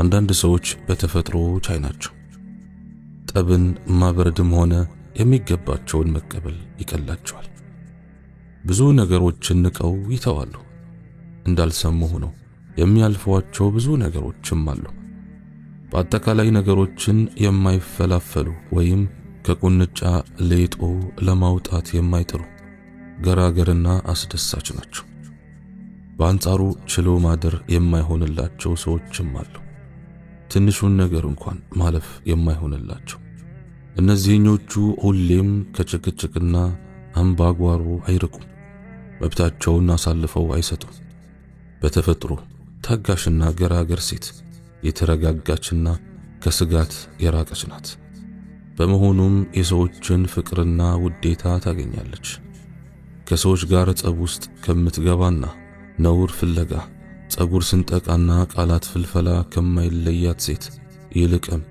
አንዳንድ ሰዎች በተፈጥሮ ቻይ ናቸው። ጠብን ማበረድም ሆነ የሚገባቸውን መቀበል ይቀላቸዋል። ብዙ ነገሮችን ንቀው ይተዋሉ። እንዳልሰሙ ሆነው የሚያልፏቸው ብዙ ነገሮችም አሉ። በአጠቃላይ ነገሮችን የማይፈላፈሉ ወይም ከቁንጫ ሌጦ ለማውጣት የማይጥሩ ገራገርና አስደሳች ናቸው። በአንጻሩ ችሎ ማደር የማይሆንላቸው ሰዎችም አሉ። ትንሹን ነገር እንኳን ማለፍ የማይሆንላቸው እነዚህኞቹ ሁሌም ከጭቅጭቅና አምባጓሮ አይርቁም። መብታቸውን አሳልፈው አይሰጡም። በተፈጥሮ ታጋሽና ገራገር ሴት የተረጋጋችና ከስጋት የራቀች ናት። በመሆኑም የሰዎችን ፍቅርና ውዴታ ታገኛለች። ከሰዎች ጋር ጸብ ውስጥ ከምትገባና ነውር ፍለጋ ጸጉር ስንጠቃና ቃላት ፍልፈላ ከማይለያት ሴት ይልቅም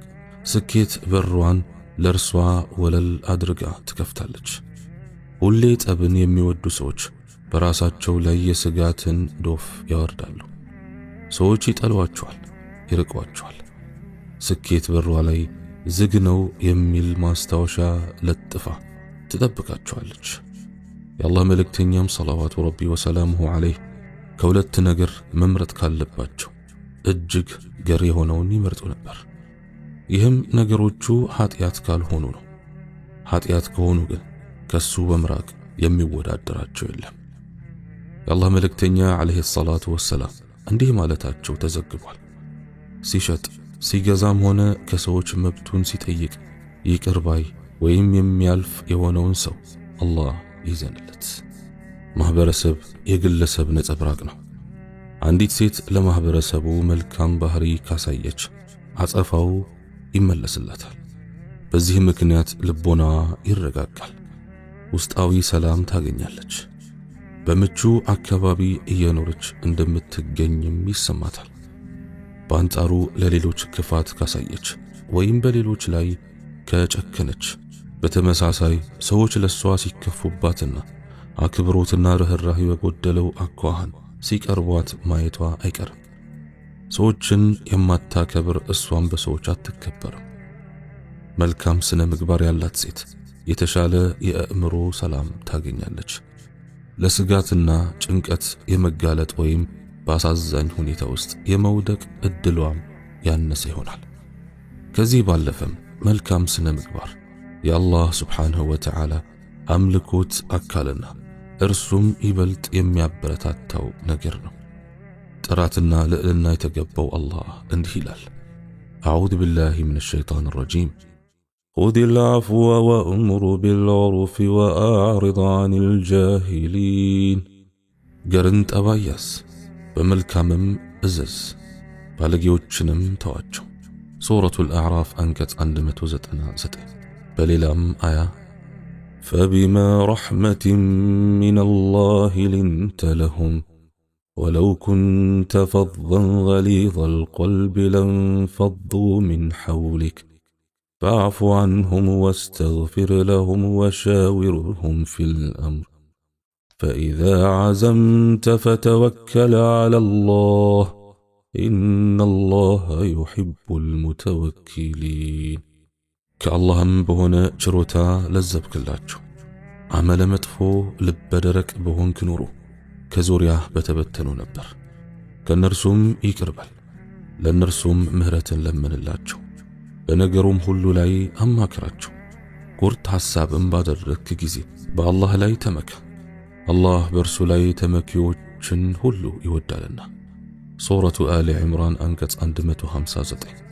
ስኬት በሯን ለእርሷ ወለል አድርጋ ትከፍታለች። ሁሌ ጠብን የሚወዱ ሰዎች በራሳቸው ላይ የስጋትን ዶፍ ያወርዳሉ። ሰዎች ይጠሏቸዋል፣ ይርቋቸዋል። ስኬት በሯ ላይ ዝግ ነው የሚል ማስታወሻ ለጥፋ ትጠብቃቸዋለች። የአላህ መልእክተኛም ሰላዋቱ ረቢ ወሰላሙሁ ዐለይህ ከሁለት ነገር መምረጥ ካለባቸው እጅግ ገር የሆነውን ይመርጡ ነበር። ይህም ነገሮቹ ኃጢአት ካልሆኑ ነው። ኃጢአት ከሆኑ ግን ከሱ በምራቅ የሚወዳደራቸው የለም። የአላህ መልእክተኛ ዓለይሂ ሰላቱ ወሰላም እንዲህ ማለታቸው ተዘግቧል። ሲሸጥ ሲገዛም ሆነ ከሰዎች መብቱን ሲጠይቅ ይቅርባይ ወይም የሚያልፍ የሆነውን ሰው አላህ ይዘንለት። ማህበረሰብ የግለሰብ ነጸብራቅ ነው። አንዲት ሴት ለማህበረሰቡ መልካም ባህሪ ካሳየች አጸፋው ይመለስላታል። በዚህ ምክንያት ልቦናዋ ይረጋጋል፣ ውስጣዊ ሰላም ታገኛለች። በምቹ አካባቢ እየኖረች እንደምትገኝም ይሰማታል። በአንጻሩ ለሌሎች ክፋት ካሳየች ወይም በሌሎች ላይ ከጨከነች በተመሳሳይ ሰዎች ለሷ ሲከፉባትና አክብሮትና ርኅራህ በጎደለው አኳኋን ሲቀርቧት ማየቷ አይቀርም። ሰዎችን የማታከብር እሷን በሰዎች አትከበርም። መልካም ስነ ምግባር ያላት ሴት የተሻለ የአእምሮ ሰላም ታገኛለች። ለስጋትና ጭንቀት የመጋለጥ ወይም በአሳዛኝ ሁኔታ ውስጥ የመውደቅ እድሏም ያነሰ ይሆናል። ከዚህ ባለፈም መልካም ስነ ምግባር የአላህ ስብሓንሁ ወተዓላ አምልኮት አካልና إرسوم إبلت يم يبرتات تو نجرنا تراتنا لإلنا يتقبو الله عند هلال أعوذ بالله من الشيطان الرجيم خذ العفو وأمر بالعرف وأعرض عن الجاهلين قرنت أباياس بملكامم أزز فالقيو تشنم تواجو سورة الأعراف أنكت أندمت وزت أنا زتي ستي لم آية فبما رحمة من الله لنت لهم ولو كنت فظا غليظ القلب لانفضوا من حولك فاعف عنهم واستغفر لهم وشاورهم في الأمر فإذا عزمت فتوكل على الله إن الله يحب المتوكلين ከአላህም በሆነ ችሮታ ለዘብክላቸው። አመለ መጥፎ ልበደረቅ በሆንክ ኑሮ ከዙሪያ በተበተኑ ነበር። ከእነርሱም ይቅርበል፣ ለእነርሱም ምህረትን ለምንላቸው። በነገሩም ሁሉ ላይ አማክራቸው። ቁርጥ ሐሳብም ባደረግክ ጊዜ በአላህ ላይ ተመካ። አላህ በእርሱ ላይ ተመኪዎችን ሁሉ ይወዳልና። ሱረቱ አሊ ዕምራን አንቀጽ 159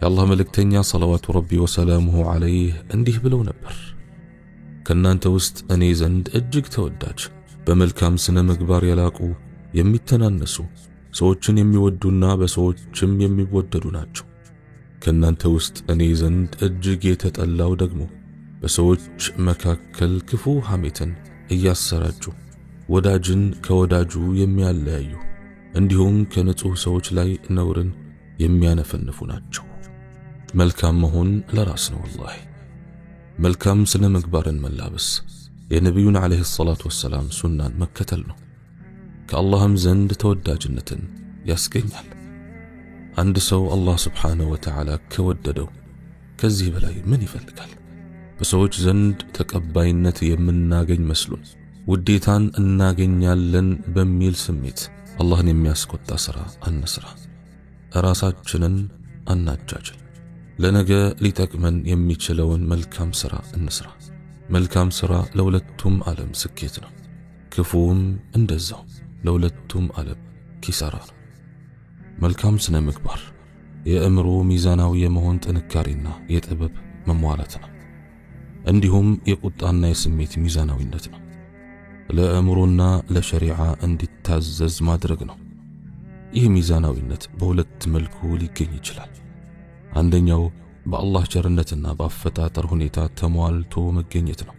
የአላህ መልእክተኛ ሰለዋቱ ረቢ ወሰላሙሁ ዓለይህ እንዲህ ብለው ነበር። ከእናንተ ውስጥ እኔ ዘንድ እጅግ ተወዳጅ በመልካም ስነ ምግባር የላቁ የሚተናነሱ ሰዎችን የሚወዱና በሰዎችም የሚወደዱ ናቸው። ከእናንተ ውስጥ እኔ ዘንድ እጅግ የተጠላው ደግሞ በሰዎች መካከል ክፉ ሐሜትን እያሰራጩ ወዳጅን ከወዳጁ የሚያለያዩ እንዲሁም ከንጹሕ ሰዎች ላይ ነውርን የሚያነፈንፉ ናቸው። መልካም መሆን ለራስ ነው። ወላሂ መልካም ስነ ምግባርን መላበስ የነቢዩን ዓለይሂ ሰላቱ ወሰላም ሱናን መከተል ነው። ከአላህም ዘንድ ተወዳጅነትን ያስገኛል። አንድ ሰው አላህ ስብሓነሁ ወተዓላ ከወደደው ከዚህ በላይ ምን ይፈልጋል? በሰዎች ዘንድ ተቀባይነት የምናገኝ መስሉን ውዴታን እናገኛለን በሚል ስሜት አላህን የሚያስቆጣ ሥራ አንሥራ። ራሳችንን አናጃጅል። ለነገ ሊጠቅመን የሚችለውን መልካም ሥራ እንስራ። መልካም ሥራ ለሁለቱም ዓለም ስኬት ነው፣ ክፉውም እንደዛው ለሁለቱም ዓለም ኪሳራ ነው። መልካም ስነ ምግባር የእምሮ ሚዛናዊ የመሆን ጥንካሬና የጥበብ መሟላት ነው። እንዲሁም የቁጣና የስሜት ሚዛናዊነት ነው። ለእምሮና ለሸሪዓ እንዲታዘዝ ማድረግ ነው። ይህ ሚዛናዊነት በሁለት መልኩ ሊገኝ ይችላል። አንደኛው በአላህ ቸርነትና በአፈጣጠር ሁኔታ ተሟልቶ መገኘት ነው።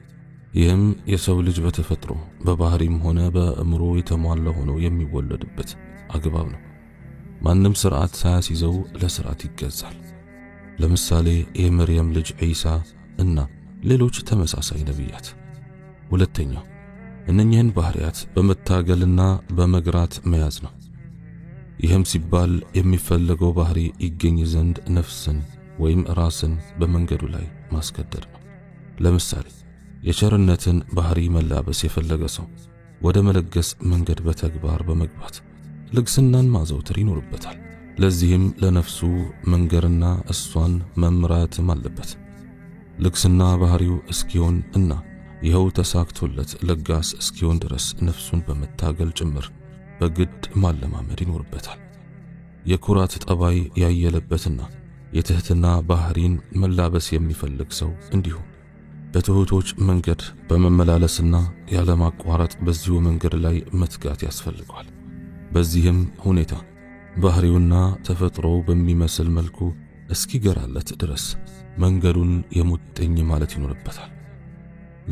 ይህም የሰው ልጅ በተፈጥሮ በባህሪም ሆነ በእምሮ የተሟላ ሆኖ የሚወለድበት አግባብ ነው። ማንም ስርዓት ሳያስይዘው ለስርዓት ይገዛል። ለምሳሌ የመርየም ልጅ ዒሳ እና ሌሎች ተመሳሳይ ነቢያት። ሁለተኛው እነኚህን ባህሪያት በመታገልና በመግራት መያዝ ነው። ይህም ሲባል የሚፈለገው ባህሪ ይገኝ ዘንድ ነፍስን ወይም ራስን በመንገዱ ላይ ማስገደድ ነው። ለምሳሌ የቸርነትን ባህሪ መላበስ የፈለገ ሰው ወደ መለገስ መንገድ በተግባር በመግባት ልግስናን ማዘውተር ይኖርበታል። ለዚህም ለነፍሱ መንገርና እሷን መምራትም አለበት። ልግስና ባህሪው እስኪሆን እና ይኸው ተሳክቶለት ለጋስ እስኪሆን ድረስ ነፍሱን በመታገል ጭምር በግድ ማለማመድ ይኖርበታል። የኩራት ጠባይ ያየለበትና የትህትና ባህሪን መላበስ የሚፈልግ ሰው እንዲሁም በትሑቶች መንገድ በመመላለስና ያለማቋረጥ በዚሁ መንገድ ላይ መትጋት ያስፈልገዋል። በዚህም ሁኔታ ባህሪውና ተፈጥሮ በሚመስል መልኩ እስኪገራለት ድረስ መንገዱን የሙጥኝ ማለት ይኖርበታል።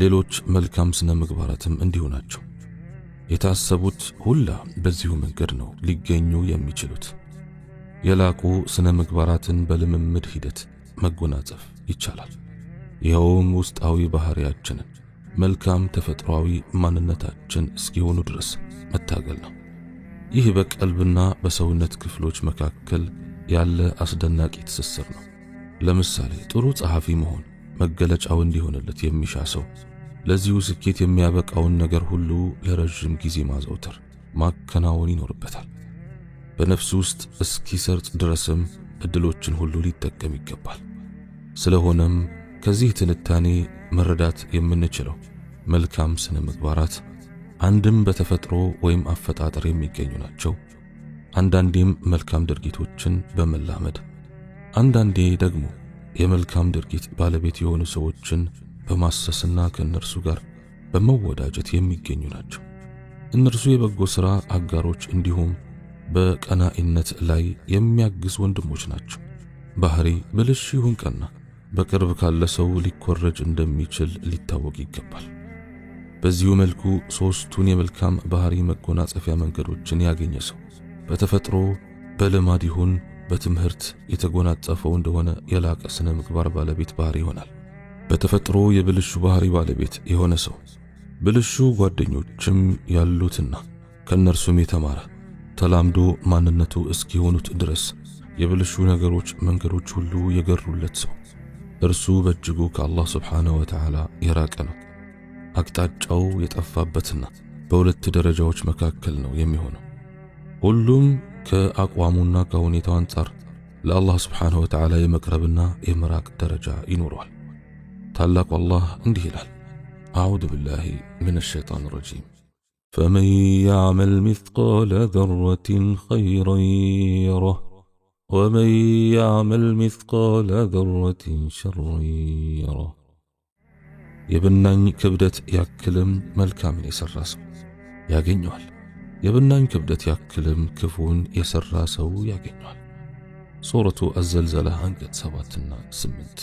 ሌሎች መልካም ስነ ምግባራትም እንዲሁ ናቸው። የታሰቡት ሁላ በዚሁ መንገድ ነው ሊገኙ የሚችሉት። የላቁ ስነ ምግባራትን በልምምድ ሂደት መጎናጸፍ ይቻላል። ይኸውም ውስጣዊ ባህሪያችንን መልካም ተፈጥሯዊ ማንነታችን እስኪሆኑ ድረስ መታገል ነው። ይህ በቀልብና በሰውነት ክፍሎች መካከል ያለ አስደናቂ ትስስር ነው። ለምሳሌ ጥሩ ጸሐፊ መሆን መገለጫው እንዲሆንለት የሚሻ ሰው ለዚሁ ስኬት የሚያበቃውን ነገር ሁሉ ለረዥም ጊዜ ማዘውተር ማከናወን ይኖርበታል። በነፍሱ ውስጥ እስኪሰርጥ ድረስም እድሎችን ሁሉ ሊጠቀም ይገባል። ስለሆነም ከዚህ ትንታኔ መረዳት የምንችለው መልካም ስነ ምግባራት አንድም በተፈጥሮ ወይም አፈጣጠር የሚገኙ ናቸው፣ አንዳንዴም መልካም ድርጊቶችን በመላመድ አንዳንዴ ደግሞ የመልካም ድርጊት ባለቤት የሆኑ ሰዎችን በማሰስና ከእነርሱ ጋር በመወዳጀት የሚገኙ ናቸው። እነርሱ የበጎ ሥራ አጋሮች እንዲሁም በቀናኢነት ላይ የሚያግዝ ወንድሞች ናቸው። ባህሪ ብልሽ ይሁን ቀና በቅርብ ካለ ሰው ሊኮረጅ እንደሚችል ሊታወቅ ይገባል። በዚሁ መልኩ ሦስቱን የመልካም ባህሪ መጎናጸፊያ መንገዶችን ያገኘ ሰው በተፈጥሮ በልማድ ይሁን በትምህርት የተጎናጸፈው እንደሆነ የላቀ ስነ ምግባር ባለቤት ባህሪ ይሆናል። በተፈጥሮ የብልሹ ባህሪ ባለቤት የሆነ ሰው ብልሹ ጓደኞችም ያሉትና ከእነርሱም የተማረ ተላምዶ ማንነቱ እስኪሆኑት ድረስ የብልሹ ነገሮች መንገዶች ሁሉ የገሩለት ሰው እርሱ በእጅጉ ከአላህ ስብሓነ ወተዓላ የራቀ ነው። አቅጣጫው የጠፋበትና በሁለት ደረጃዎች መካከል ነው የሚሆነው። ሁሉም ከአቋሙና ከሁኔታው አንጻር ለአላህ ስብሓነ ወተዓላ የመቅረብና የመራቅ ደረጃ ይኖረዋል። تعلق والله عندي هلال أعوذ بالله من الشيطان الرجيم فمن يعمل مثقال ذرة خيرا يره ومن يعمل مثقال ذرة شرا يره يبنان كبدت يأكلم ملكا من يسرسه يا جنوال يبنان كبدت يأكلم كفون يسرسه يا جنوال صورة الزلزلة عن قد سبعتنا سمنت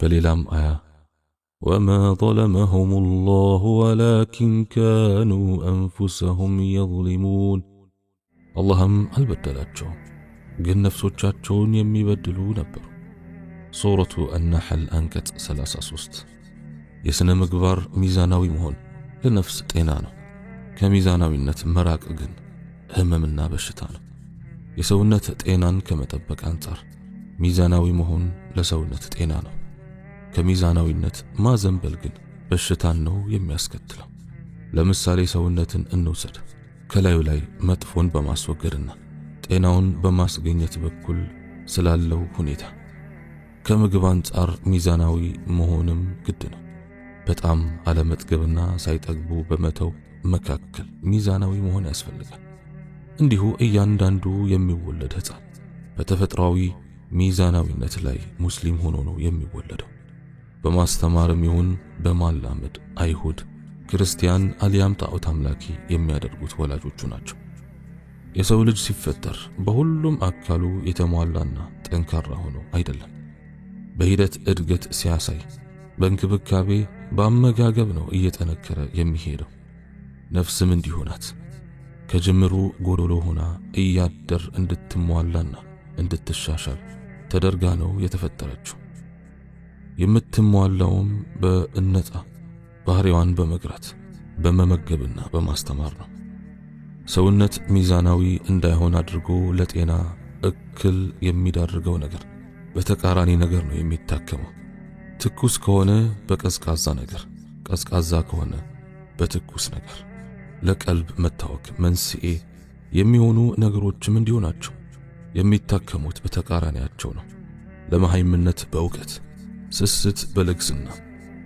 በሌላም አያ ወማ ظለመሁም ላሁ ወላኪን ካኑ አንፉሰሁም የظሊሙን አላህም አልበደላቸውም፣ ግን ነፍሶቻቸውን የሚበድሉ ነበሩ። ሱረቱ አናሐል አንቀጽ 33 የሥነ ምግባር ሚዛናዊ መሆን ለነፍስ ጤና ነው። ከሚዛናዊነት መራቅ ግን ህመምና በሽታ ነው። የሰውነት ጤናን ከመጠበቅ አንጻር ሚዛናዊ መሆን ለሰውነት ጤና ነው። ከሚዛናዊነት ማዘንበል ግን በሽታን ነው የሚያስከትለው። ለምሳሌ ሰውነትን እንውሰድ። ከላዩ ላይ መጥፎን በማስወገድና ጤናውን በማስገኘት በኩል ስላለው ሁኔታ ከምግብ አንጻር ሚዛናዊ መሆንም ግድ ነው። በጣም አለመጥገብና ሳይጠግቡ በመተው መካከል ሚዛናዊ መሆን ያስፈልጋል። እንዲሁ እያንዳንዱ የሚወለድ ሕፃን በተፈጥሯዊ ሚዛናዊነት ላይ ሙስሊም ሆኖ ነው የሚወለደው። በማስተማርም ይሁን በማላመድ አይሁድ፣ ክርስቲያን አሊያም ጣዖት አምላኪ የሚያደርጉት ወላጆቹ ናቸው። የሰው ልጅ ሲፈጠር በሁሉም አካሉ የተሟላና ጠንካራ ሆኖ አይደለም። በሂደት እድገት ሲያሳይ በእንክብካቤ በአመጋገብ ነው እየጠነከረ የሚሄደው። ነፍስም እንዲሁ ናት። ከጅምሩ ጎዶሎ ሆና እያደር እንድትሟላና እንድትሻሻል ተደርጋ ነው የተፈጠረችው። የምትሟላውም በእነጣ ባህሪዋን በመግራት በመመገብና በማስተማር ነው። ሰውነት ሚዛናዊ እንዳይሆን አድርጎ ለጤና እክል የሚዳርገው ነገር በተቃራኒ ነገር ነው የሚታከመው። ትኩስ ከሆነ በቀዝቃዛ ነገር፣ ቀዝቃዛ ከሆነ በትኩስ ነገር። ለቀልብ መታወክ መንስኤ የሚሆኑ ነገሮችም እንዲሆናቸው የሚታከሙት በተቃራኒያቸው ነው። ለመሃይምነት በእውቀት ስስት በልግስና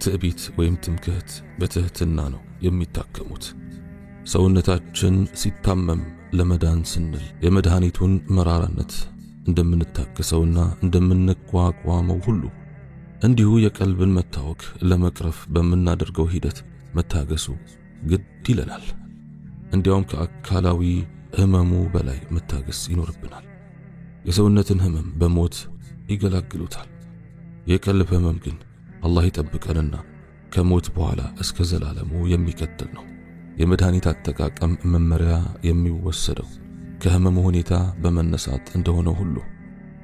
ትዕቢት ወይም ትምክህት በትህትና ነው የሚታከሙት። ሰውነታችን ሲታመም ለመዳን ስንል የመድኃኒቱን መራራነት እንደምንታክሰውና እንደምንቋቋመው ሁሉ እንዲሁ የቀልብን መታወክ ለመቅረፍ በምናደርገው ሂደት መታገሱ ግድ ይለናል። እንዲያውም ከአካላዊ ህመሙ በላይ መታገስ ይኖርብናል። የሰውነትን ህመም በሞት ይገላግሉታል። የቀልብ ህመም ግን አላህ ይጠብቀንና ከሞት በኋላ እስከ ዘላለሙ የሚቀጥል ነው። የመድኃኒት አጠቃቀም መመሪያ የሚወሰደው ከህመሙ ሁኔታ በመነሳት እንደሆነ ሁሉ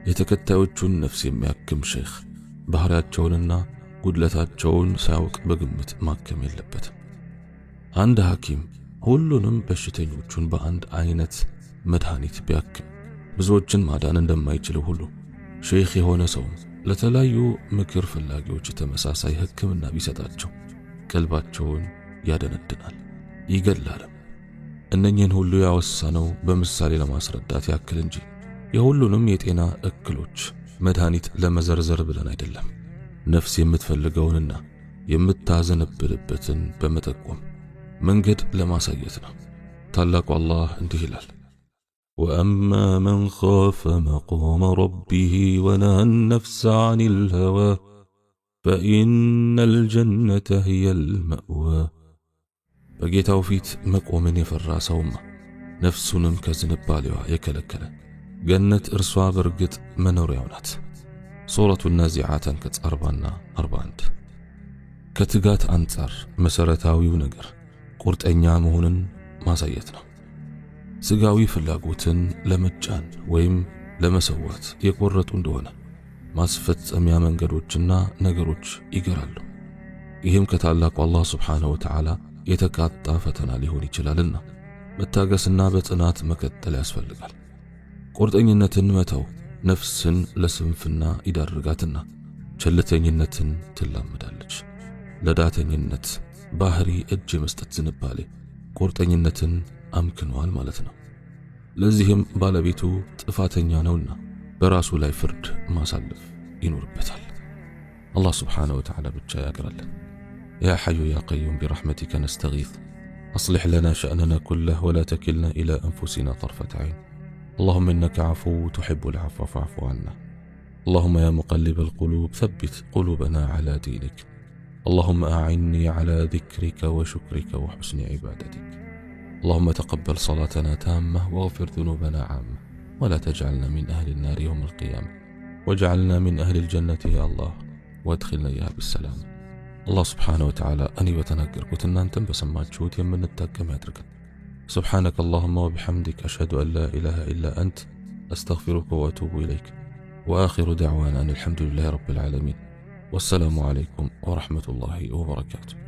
የተከታዮቹን ነፍስ የሚያክም ሼኽ ባህሪያቸውንና ጉድለታቸውን ሳያውቅ በግምት ማከም የለበትም። አንድ ሐኪም ሁሉንም በሽተኞቹን በአንድ አይነት መድኃኒት ቢያክም ብዙዎችን ማዳን እንደማይችለው ሁሉ ሼኽ የሆነ ሰውም ለተለያዩ ምክር ፈላጊዎች ተመሳሳይ ሕክምና ቢሰጣቸው ቀልባቸውን ያደነድናል፣ ይገላልም። እነኝህን ሁሉ ያወሳነው በምሳሌ ለማስረዳት ያክል እንጂ የሁሉንም የጤና እክሎች መድኃኒት ለመዘርዘር ብለን አይደለም። ነፍስ የምትፈልገውንና የምታዘነብልበትን በመጠቆም መንገድ ለማሳየት ነው። ታላቁ አላህ እንዲህ ይላል واما من خاف مقام ربه ونهى النفس عن الهوى فان الجنه هي الماوى በጌታው ፊት መቆምን የፈራ ሰውማ ነፍሱንም ከዝንባሌዋ የከለከለ ገነት እርሷ በርግጥ መኖሪያው ናት። ሱረቱ ናዚዓት አንቀጽ 40ና 41 ከትጋት አንጻር መሰረታዊው ነገር ቁርጠኛ መሆንን ማሳየት ነው። ስጋዊ ፍላጎትን ለመጫን ወይም ለመሰዋት የቆረጡ እንደሆነ ማስፈጸሚያ መንገዶችና ነገሮች ይገራሉ። ይህም ከታላቁ አላህ ስብሓንሁ ወተዓላ የተቃጣ ፈተና ሊሆን ይችላልና መታገስና በጽናት መቀጠል ያስፈልጋል። ቁርጠኝነትን መተው ነፍስን ለስንፍና ይዳርጋትና ቸልተኝነትን ትላመዳለች። ለዳተኝነት ባህሪ እጅ የመስጠት ዝንባሌ ቁርጠኝነትን አምክኗል ማለት ነው። ለዚህም ባለቤቱ ጥፋተኛ ነውና በራሱ ላይ ፍርድ ማሳለፍ ይኖርበታል። አላህ وتعالى ወተዓላ ብቻ ያግራለን። ያ ሐዩ ያ ቀዩም ቢረሕመቲከ نستغيث أصلح لنا شأننا كله ولا تكلنا إلى أنفسنا طرفة عين اللهم إنك عفو تحب العفو فاعف عنا اللهم يا مقلب القلوب ثبت قلوبنا على دينك اللهم أعني على ذكرك وشكرك وحسن عبادتك اللهم تقبل صلاتنا تامة واغفر ذنوبنا عامة ولا تجعلنا من أهل النار يوم القيامة واجعلنا من أهل الجنة يا الله وادخلنا إياها بالسلام الله سبحانه وتعالى أني وتنكر وتنكرك تنبى سمات شوت يمن التاك ماتركت سبحانك اللهم وبحمدك أشهد أن لا إله إلا أنت أستغفرك وأتوب إليك وآخر دعوانا أن الحمد لله رب العالمين والسلام عليكم ورحمة الله وبركاته